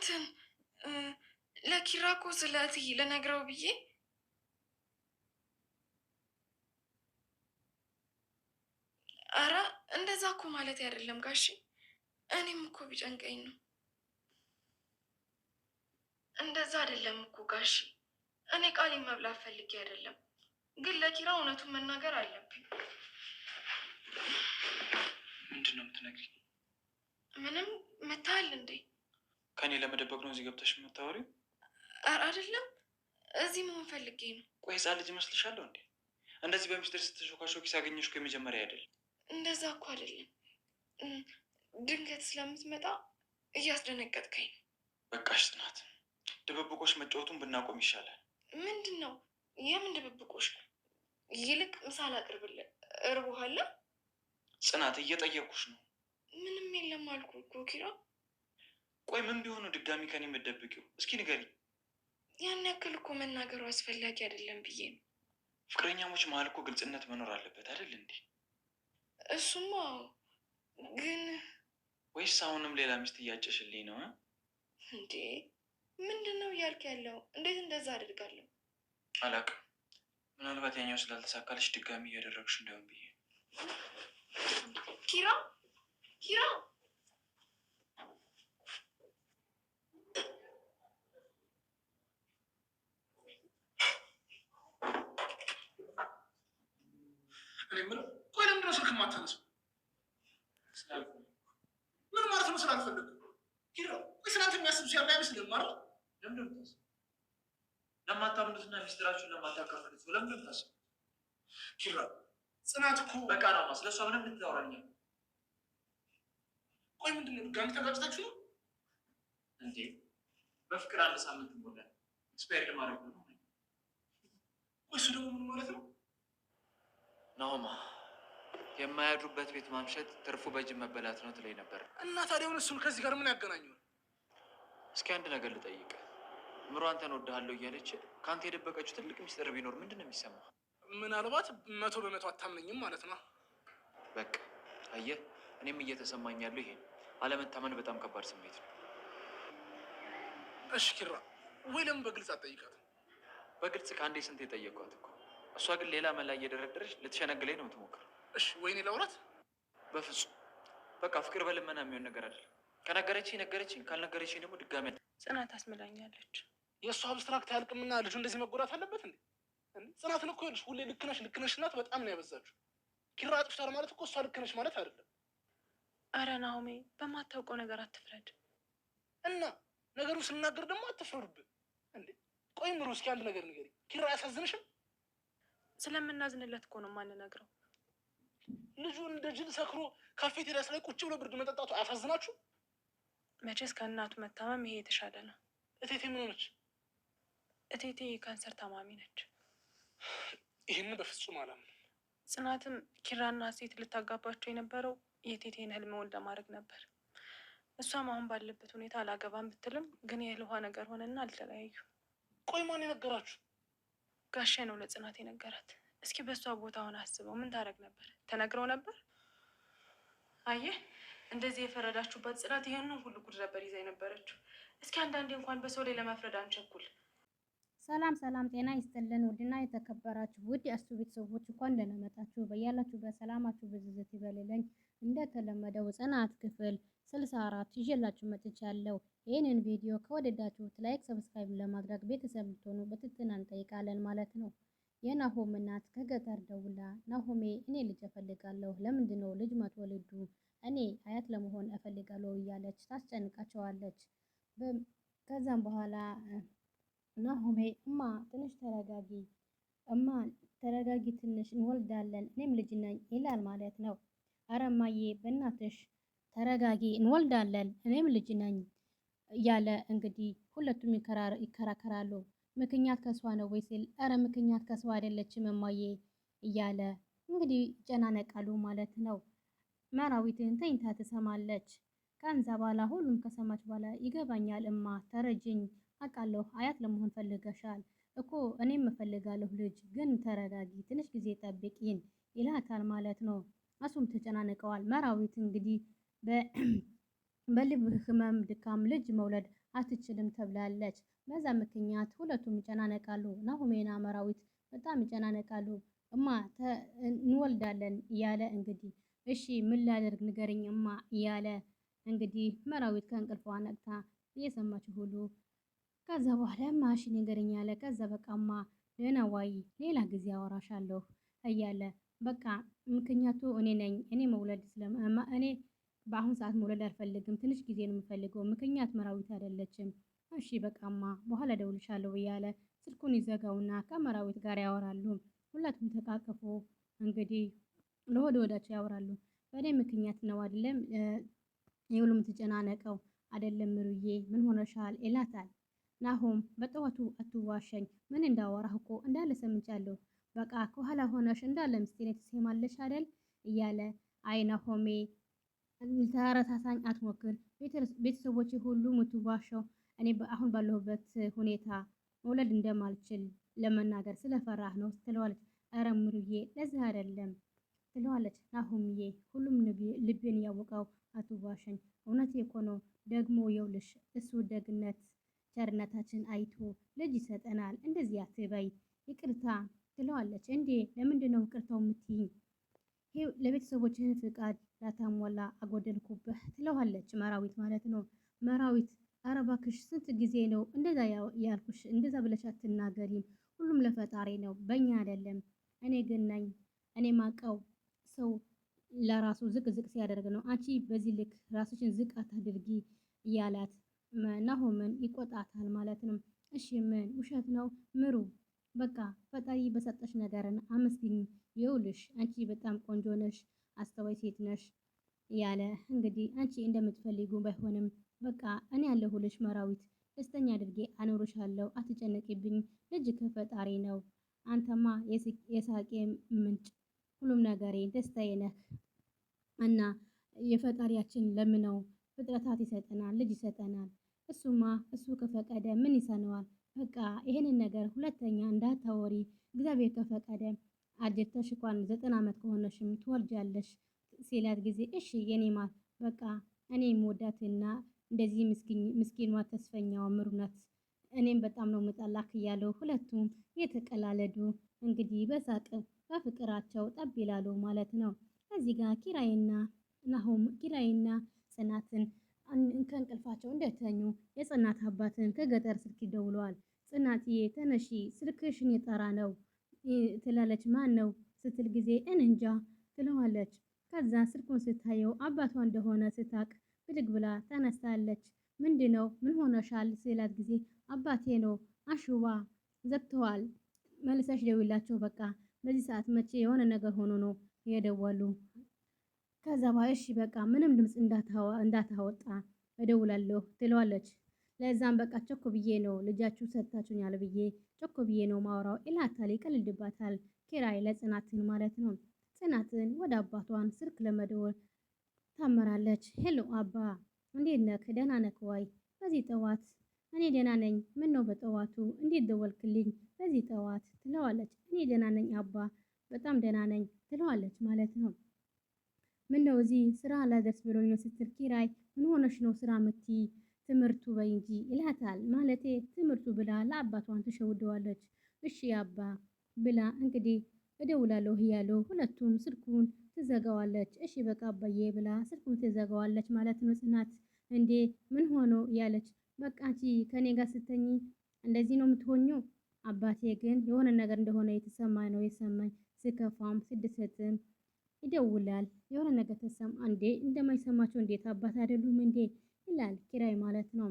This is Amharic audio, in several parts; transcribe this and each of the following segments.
እንትን ለኪራ እኮ ስለ እትዬ ልነግረው ብዬ አረ እንደዛ እኮ ማለት አይደለም ጋሺ፣ እኔም እኮ ቢጨንቀኝ ነው። እንደዛ አይደለም እኮ ጋሺ፣ እኔ ቃሌን መብላት ፈልጌ አይደለም፣ ግን ለኪራ እውነቱን መናገር አለብኝ። ምንድን ነው የምትነግሪኝ? ምንም መታል እንዴ ከኔ ለመደበቅ ነው እዚህ ገብተሽ የምታወሪው? አር አይደለም፣ እዚህ መሆን ፈልጌ ነው። ቆይ ህፃን ልጅ ይመስልሻለሁ እንዴ? እንደዚህ በሚስጥር ስትሾካሾኪ ሳገኘሽ የመጀመሪያ አይደለም። እንደዛ እኮ አይደለም፣ ድንገት ስለምትመጣ እያስደነገጥከኝ ነው። በቃሽ ጽናት፣ ድብብቆች መጫወቱን ብናቆም ይሻላል። ምንድን ነው? የምን ድብብቆች ነው? ይልቅ ምሳል ላቅርብልህ። እርቦሃል? ጽናት፣ እየጠየኩሽ ነው። ምንም የለም አልኩ እኮ ኪራ ቆይ ምን ቢሆኑ ድጋሚ ከኔ የምትደብቂው? እስኪ ንገሪ። ያን ያክል እኮ መናገሩ አስፈላጊ አይደለም ብዬ ነው። ፍቅረኛሞች መሀል እኮ ግልጽነት መኖር አለበት አይደል እንዴ? እሱማ ግን ወይስ አሁንም ሌላ ሚስት እያጨሽልኝ ነው እንዴ? ምንድን ነው እያልክ ያለው? እንዴት እንደዛ አድርጋለሁ? አላውቅም። ምናልባት ያኛው ስላልተሳካለች ድጋሚ እያደረግሽ እንደሆን ብዬ ኪራ ኪራ ነው ስልክ ማታነሳ? ምን ማለት ነው? ስላልፈለግ ወይ ስላንተ የሚያስብ ሲያለ አይመስልም ማለት ለምንድን ነው የምታስብ? ለማታምኑትና ሚስጥራችሁን ለማታካፍሉት ለምንድን ነው ኪራ ጽናት እኮ በቃ ናማ ስለሷ ምንም ልታወራኝ ቆይ ምንድን ነው ድጋሚ ተጋጭታችሁ ነው እንዴ? በፍቅር አንድ ሳምንት ሞላ ኤክስፓየርድ ማድረግ ነው። ቆይ እሱ ደግሞ ምን ማለት ነው ናማ የማያድሩበት ቤት ማምሸት ትርፉ በጅብ መበላት ነው ትለኝ ነበር። እና ታዲያውን እሱን ከዚህ ጋር ምን ያገናኘው? እስኪ አንድ ነገር ልጠይቅ። ምሮ አንተን ወድሃለሁ እያለች ከአንተ የደበቀችው ትልቅ ሚስጥር ቢኖር ምንድን ነው የሚሰማ? ምናልባት መቶ በመቶ አታምነኝም ማለት ነው። በቃ አየህ፣ እኔም እየተሰማኝ ያለው ይሄ አለመታመን በጣም ከባድ ስሜት ነው። እሺ ኪራ፣ ወይ ለምን በግልጽ አትጠይቃት? በግልጽ ከአንዴ ስንት የጠየኳት እኮ። እሷ ግን ሌላ መላ እየደረደረች ልትሸነግለኝ ነው የምትሞክር እሺ ወይኔ ለውረት በፍጹም በቃ ፍቅር በልመና የሚሆን ነገር አለ። ከነገረችኝ ነገረችኝ፣ ካልነገረችኝ ደግሞ ድጋሚ ጽናት አስመላኛለች። የእሱ አብስትራክት ያልቅምና ልጁ እንደዚህ መጎዳት አለበት እንዴ? ጽናት እኮ ይኸውልሽ፣ ሁሌ ልክነሽ ልክነሽ እናት በጣም ነው ያበዛችሁ። ኪራ አጥፍቷል ማለት እኮ እሷ ልክነሽ ማለት አይደለም። አረ ናሆሜ፣ በማታውቀው ነገር አትፍረድ እና ነገሩ ስናገር ደግሞ አትፍረዱብን እንዴ። ቆይ ምሩ፣ እስኪ አንድ ነገር ንገሪ። ኪራ አያሳዝንሽም? ስለምናዝንለት እኮ ነው ማንነግረው ልጁ እንደ ጅል ሰክሮ ካፌቴሪያስ ላይ ቁጭ ብሎ ብርድ መጠጣቱ አያሳዝናችሁ? መቼስ ከእናቱ መታመም ይሄ የተሻለ ነው። እቴቴ ምን ሆነች? እቴቴ ካንሰር ታማሚ ነች። ይህን በፍጹም አላም። ጽናትም ኪራና ሴት ልታጋባቸው የነበረው የቴቴን ህልም እውን ለማድረግ ነበር። እሷም አሁን ባለበት ሁኔታ አላገባም ብትልም ግን የልኋ ነገር ሆነና አልተለያዩ። ቆይ ማን የነገራችሁ? ጋሼ ነው ለጽናት የነገራት። እስኪ በእሷ ቦታ ሆነ አስበው፣ ምን ታደርግ ነበር? ተነግረው ነበር? አየህ፣ እንደዚህ የፈረዳችሁባት ጽናት ይህንን ሁሉ ጉድ ነበር ይዛ የነበረችው። እስኪ አንዳንዴ እንኳን በሰው ላይ ለመፍረድ አንቸኩል። ሰላም ሰላም፣ ጤና ይስጥልን ውድና የተከበራችሁ ውድ የእሱ ቤተሰቦች እንኳን ደህና መጣችሁ። በያላችሁበት ሰላማችሁ ብዝዝት እንደተለመደው ጽናት ክፍል ስልሳ አራት ይዤላችሁ መጥቻለሁ። ይህንን ቪዲዮ ከወደዳችሁት ላይክ፣ ሰብስክራይብ ለማድረግ ቤተሰብ ልትሆኑ በትህትና እንጠይቃለን ማለት ነው። የናሆም እናት ከገጠር ደውላ ናሆሜ እኔ ልጅ እፈልጋለሁ፣ ለምንድነው ልጅ መትወልዱ እኔ አያት ለመሆን እፈልጋለሁ እያለች ታስጨንቃቸዋለች። ከዛም በኋላ ናሆሜ እማ ትንሽ ተረጋጊ፣ እማ ተረጋጊ፣ ትንሽ እንወልዳለን፣ እኔም ልጅ ነኝ ይላል ማለት ነው። አረማዬ በእናትሽ ተረጋጊ፣ እንወልዳለን፣ እኔም ልጅ ነኝ እያለ እንግዲህ ሁለቱም ይከራከራሉ። ምክንያት ከሷ ነው ወይ ሲል ኧረ ምክንያት ከሷ አይደለችም እማዬ እያለ እንግዲህ ይጨናነቃሉ ማለት ነው። መራዊትን ተኝታ ትሰማለች። ከዛ በኋላ ሁሉም ከሰማች በኋላ ይገባኛል እማ ተረጅኝ አውቃለሁ አያት ለመሆን ፈልገሻል እኮ እኔም እፈልጋለሁ ልጅ ግን ተረጋጊ ትንሽ ጊዜ ጠብቂን ይላታል ማለት ነው። እሱም ተጨናነቀዋል መራዊት እንግዲህ በልብ ህመም ድካም ልጅ መውለድ አትችልም ተብላለች። በዛ ምክንያት ሁለቱም ይጨናነቃሉ። ናሁሜና መራዊት በጣም ይጨናነቃሉ። እማ እንወልዳለን እያለ እንግዲህ እሺ ምን ላደርግ ንገርኝ እማ እያለ እንግዲህ መራዊት ከእንቅልፏ ነቅታ እየሰማች ሁሉ ከዛ በኋላ ማሽ ንገርኝ ያለ ከዛ በቃማ ለናዋይ ሌላ ጊዜ አወራሻለሁ እያለ በቃ ምክንያቱ እኔ ነኝ እኔ መውለድ እኔ በአሁን ሰዓት መውለድ አልፈልግም፣ ትንሽ ጊዜ ነው የምፈልገው፣ ምክንያት መራዊት አይደለችም። እሺ በቃማ በኋላ ደውልሻለሁ እያለ ስልኩን ይዘጋውና ከመራዊት ጋር ያወራሉ። ሁላቱም ተቃቅፎ እንግዲህ ለሆድ ወዳቸው ያወራሉ። በእኔ ምክንያት ነው አይደለም የሁሉም ትጨናነቀው አይደለም ምሩዬ፣ ምን ሆነሻል ይላታል ናሆም። በጠዋቱ አትዋሸኝ፣ ምን እንዳወራህ እኮ እንዳለ ሰምቻለሁ። በቃ ከኋላ ሆነሽ እንዳለ ምስጢር ትሰማለሽ አይደል እያለ አይ ናሆሜ ተረሳሳኝ አትሞክር። ቤተሰቦች ሁሉ ምትዋሸው እኔ አሁን ባለሁበት ሁኔታ መውለድ እንደማልችል ለመናገር ስለፈራህ ነው ትለዋለች። ኧረ ምሩዬ ለዚህ አይደለም ትለዋለች። ናሁምዬ ሁሉም ልቤን እያወቀው አትዋሸኝ፣ እውነት እኮ ነው። ደግሞ የውልሽ እሱ ደግነት ቸርነታችን አይቶ ልጅ ይሰጠናል። እንደዚህ አትበይ፣ ይቅርታ ትለዋለች። እንዴ ለምንድን ነው ይቅርታው የምትይኝ? ለቤተሰቦችህ ፍቃድ ላታሟላ አጎደልኩብህ ትለዋለች መራዊት ማለት ነው። መራዊት ኧረ እባክሽ ስንት ጊዜ ነው እንደዛ ያልኩሽ? እንደዛ ብለሽ አትናገሪም። ሁሉም ለፈጣሪ ነው፣ በእኛ አይደለም። እኔ ግን ነኝ እኔ ማቀው ሰው ለራሱ ዝቅ ዝቅ ሲያደርግ ነው። አንቺ በዚህ ልክ ራስሽን ዝቅ አታድርጊ እያላት ናሆምን ይቆጣታል ማለት ነው። እሺ ምን ውሸት ነው ምሩ፣ በቃ ፈጣሪ በሰጠሽ ነገርን አመስግኝ ይውልሽ አንቺ በጣም ቆንጆ ነሽ፣ አስተዋይ ሴት ነሽ ያለ እንግዲህ አንቺ እንደምትፈልጉ ባይሆንም በቃ እኔ ያለሁልሽ መራዊት ደስተኛ አድርጌ አኖርሻለሁ፣ አትጨነቂብኝ፣ ልጅ ከፈጣሪ ነው። አንተማ የሳቄ ምንጭ፣ ሁሉም ነገሬ፣ ደስታዬ ነህ እና የፈጣሪያችን ለምነው ፍጥረታት ይሰጠናል፣ ልጅ ይሰጠናል። እሱማ እሱ ከፈቀደ ምን ይሰነዋል? በቃ ይህንን ነገር ሁለተኛ እንዳታወሪ እግዚአብሔር ከፈቀደ አጀተሽ እንኳን ዘጠና ዓመት ከሆነሽም ትወልጃለሽ ሲላት ጊዜ እሺ የኔ ማር በቃ እኔ የምወዳትና እንደዚህ ምስኪኗ ተስፈኛዋ ምሩናት እኔም በጣም ነው መጣላክ እያለው ሁለቱም የተቀላለዱ እንግዲህ በሳቅ በፍቅራቸው ጠብ ይላሉ ማለት ነው። ከዚህ ጋር ኪራይና ናሆም ኪራይና ጽናትን ከእንቅልፋቸው እንደተኙ የጽናት አባትን ከገጠር ስልክ ይደውለዋል። ጽናትዬ ተነሺ፣ ስልክሽን የጠራ ነው ትላለች። ማን ነው ስትል ጊዜ እንንጃ ትለዋለች። ከዛ ስልኩን ስታየው አባቷ እንደሆነ ስታቅ ብድግ ብላ ተነስታለች። ምንድ ነው ምን ሆነሻል? ስላት ጊዜ አባቴ ነው አሽዋ ዘግተዋል፣ መልሰሽ ደውላቸው በቃ በዚህ ሰዓት መቼ የሆነ ነገር ሆኖ ነው የደወሉ። ከዛ በኋላ እሺ በቃ ምንም ድምፅ እንዳታወጣ እደውላለሁ ትለዋለች። ለዛም በቃ ቸኮ ብዬ ነው ልጃችሁ ሰጥታችሁኛል ብዬ ቸኮ ብዬ ነው ማውራው ይላታል። ይቀልድባታል ኪራይ ለጽናትን ማለት ነው። ጽናትን ወደ አባቷን ስልክ ለመደወል ታመራለች። ሄሎ አባ እንዴት ነክ ደህና ነክ ወይ? በዚህ ጠዋት እኔ ደህና ነኝ። ምን ነው በጠዋቱ እንዴት ደወልክልኝ? በዚህ ጠዋት ትለዋለች። እኔ ደህና ነኝ አባ፣ በጣም ደህና ነኝ ትለዋለች ማለት ነው። ምን ነው እዚህ ስራ ላደርስ ብሎኝ ነው ስትል ኪራይ ምን ሆነሽ ነው ስራ ምትይ ትምህርቱ በይ እንጂ ይላታል። ማለቴ ትምህርቱ ብላ ለአባቷን ትሸውደዋለች። እሺ አባ ብላ እንግዲህ እደውላለሁ እያሉ ሁለቱም ስልኩን ትዘጋዋለች። እሺ በቃ አባዬ ብላ ስልኩን ትዘጋዋለች ማለት ነው። ጽናት እንዴ ምን ሆኖ እያለች በቃ አንቺ ከኔ ጋር ስተኝ እንደዚህ ነው የምትሆኘው። አባቴ ግን የሆነ ነገር እንደሆነ የተሰማ ነው የሰማኝ። ስከፋም ስድሰትም ይደውላል። የሆነ ነገር ተሰማ እንዴ እንደማይሰማቸው እንዴት አባት አይደሉም እንዴ ይላል ኪራይ ማለት ነው።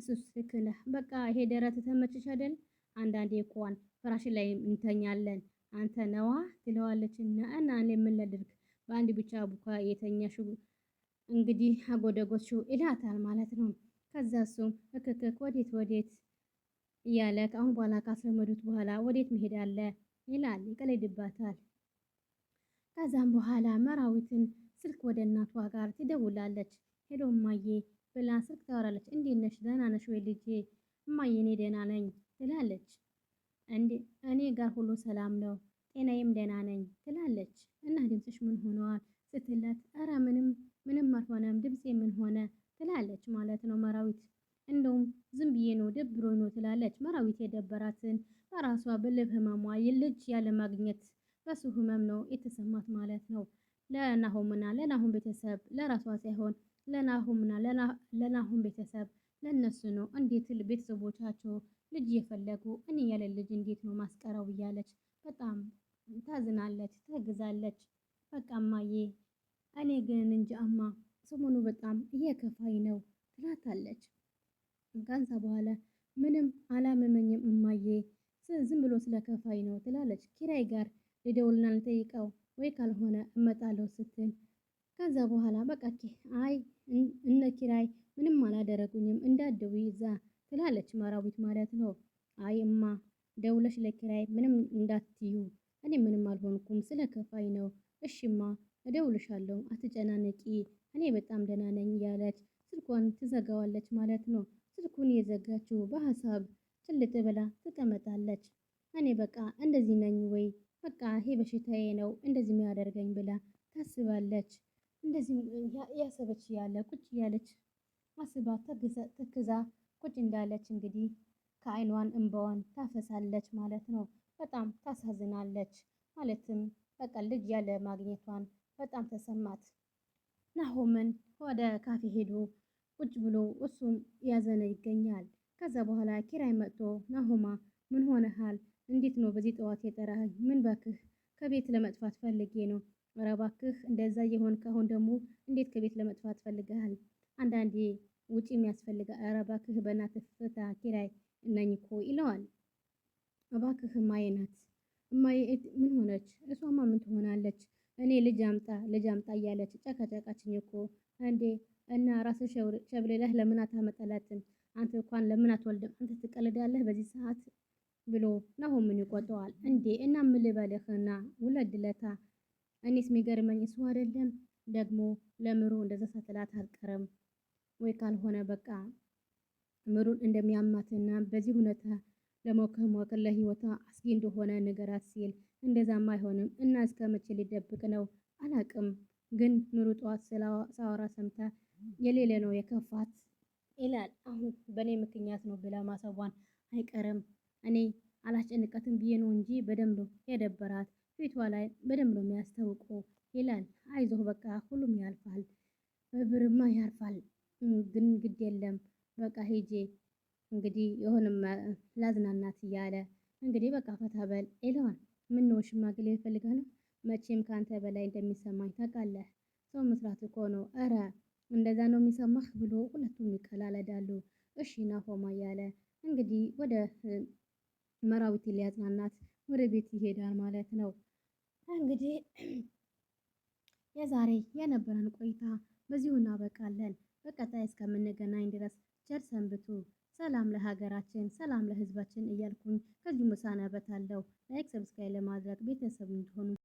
እሱስ ልክ በቃ ይሄ ደረት ተመችሽ አይደል? አንዳንዴ እንኳን ፍራሽ ላይ እንተኛለን። አንተ ነዋ ትለዋለች እና እና እኔ ምን ላድርግ በአንድ ብቻ ቡካ የተኛሽ እንግዲህ አጎደጎችው ይላታል ማለት ነው። ከዛ እሱም እክክክ ወዴት ወዴት እያለ ከአሁን በኋላ ካስለመዱት በኋላ ወዴት መሄድ አለ ይላል፣ ይቀልድባታል። ከዛም በኋላ መራዊትን ስልክ ወደ እናቷ ጋር ትደውላለች። ሄሎ እማዬ ብላ ስልክ ታወራለች። እንዴት ነሽ? ደህና ነሽ ወይ ልጄ? እማዬ እኔ ደህና ነኝ ትላለች። እኔ ጋር ሁሉ ሰላም ነው፣ ጤናዬም ደህና ነኝ ትላለች። እና ድምፅሽ ምን ሆነዋል ስትላት፣ ኧረ ምንም ምንም አልሆነም ድምፄ ምን ሆነ ትላለች ማለት ነው መራዊት። እንደውም ዝም ብዬ ነው ደብሮ ነው ትላለች መራዊት። የደበራትን በራሷ በልብ ህመሟ ልጅ ያለ ማግኘት በሱ ህመም ነው የተሰማት ማለት ነው። ለናሆምና ለናሆም ቤተሰብ ለራሷ ሳይሆን ለናሁምና ለናሁም ቤተሰብ ለነሱ ነው። እንዴት ቤተሰቦቻቸው ልጅ እየፈለጉ እኔ ያለ ልጅ እንዴት ነው ማስቀረው እያለች በጣም ታዝናለች፣ ታግዛለች። በቃ እማዬ እኔ ግን አማ ሰሞኑ በጣም እየከፋኝ ነው ትላታለች። ከዛ በኋላ ምንም አላመመኝም እማዬ ዝም ብሎ ስለከፋኝ ነው ትላለች። ኪራይ ጋር ልደውልና ልጠይቀው ወይ ካልሆነ እመጣለሁ ስትል ከዛ በኋላ በቃ አይ እነ ኪራይ ምንም አላደረጉኝም እንዳደው ይዛ ትላለች መራዊት ማለት ነው። አይ እማ ደውለሽ ለኪራይ ምንም እንዳትዩ እኔ ምንም አልሆንኩም ስለ ከፋይ ነው። እሽማ እደውልሻለሁ አትጨናነቂ እኔ በጣም ደህና ነኝ እያለች ስልኳን ትዘጋዋለች ማለት ነው። ስልኩን የዘጋችው በሀሳብ ጭልጥ ብላ ትቀመጣለች። እኔ በቃ እንደዚህ ነኝ ወይ በቃ ይሄ በሽታዬ ነው እንደዚህ የሚያደርገኝ ብላ ታስባለች። እንደዚህ ያሰበች ያለ ቁጭ እያለች አስባት ተክዛ ቁጭ እንዳለች እንግዲህ ከአይኗን እንባዋን ታፈሳለች ማለት ነው። በጣም ታሳዝናለች ማለትም በቃ ልጅ ያለ ማግኘቷን በጣም ተሰማት። ናሆምን ወደ ካፌ ሄዶ ቁጭ ብሎ እሱም ያዘነ ይገኛል። ከዛ በኋላ ኪራይ መጥቶ ናሆማ ምን ሆነሃል? እንዴት ነው በዚህ ጠዋት የጠራኸኝ? ምን በክህ ከቤት ለመጥፋት ፈልጌ ነው ኧረ እባክህ እንደዛ እየሆን ከሆን ደግሞ እንዴት ከቤት ለመጥፋት ፈልገሃል? አንዳንዴ ውጪ የሚያስፈልገ ረባክህ እባክህ በእናትህ ፍታ ኪራይ ነኝ እኮ ይለዋል። እባክህ እማዬ ናት እማዬ ምን ሆነች? እሷማ ምን ትሆናለች? እኔ ልጅ አምጣ ልጅ አምጣ እያለች ጨካጨቃችኝ እኮ እንዴ እና ራስሽ ሸብልለህ ለምን አታመጣላትም? አንተ እንኳን ለምን አትወልድም? አንተ ትቀልዳለህ በዚህ ሰዓት ብሎ ናሆምን ይቆጠዋል እንዴ እና ምን ልበልህና ውለድለታ እኔስ የሚገርመኝ እሱ አይደለም ደግሞ ለምሩ እንደዛ ሳትላት አልቀረም ወይ? ካልሆነ በቃ ምሩን እንደሚያማትና በዚህ ሁኔታ ለሞከሞክ ለህይወቷ አስጊ እንደሆነ ንገራት ሲል እንደዛም አይሆንም እና እስከ መቼ ሊደብቅ ነው? አላቅም። ግን ምሩ ጠዋት ሳወራ ሰምታ የሌለ ነው የከፋት ይላል። አሁን በእኔ ምክንያት ነው ብላ ማሰቧን አይቀርም። እኔ አላስጨንቀትም ብዬ ነው እንጂ በደንብ የደበራት ፊቷ ላይ በደንብ ነው ይላል። አይዞህ በቃ ሁሉም ያልፋል፣ በብርማ ያልፋል። ግን ግድ የለም በቃ ሄጄ እንግዲህ የሆነም ላዝናናት እያለ እንግዲህ በቃ ፈታ በል ይለዋል። ነው ሽማግሌ ይፈልጋል? መቼም ከአንተ በላይ እንደሚሰማኝ ታውቃለህ። ሰው መስራት እኮ ነው። እረ እንደዛ ነው የሚሰማህ ብሎ ሁለቱም ይቀላለዳሉ። እሺ ናሆማ እያለ እንግዲህ ወደ መራዊት ሊያዝናናት ወደ ቤት ይሄዳል ማለት ነው። እንግዲህ የዛሬ የነበረን ቆይታ በዚሁ እናበቃለን። በቀጣይ እስከምንገናኝ ድረስ ቸር ሰንብቱ። ሰላም ለሀገራችን፣ ሰላም ለሕዝባችን እያልኩኝ ከዚህ ምሳ ሰናበታለሁ። ላይክ፣ ሰብስክራይብ ለማድረግ ቤተሰብ እንድትሆኑ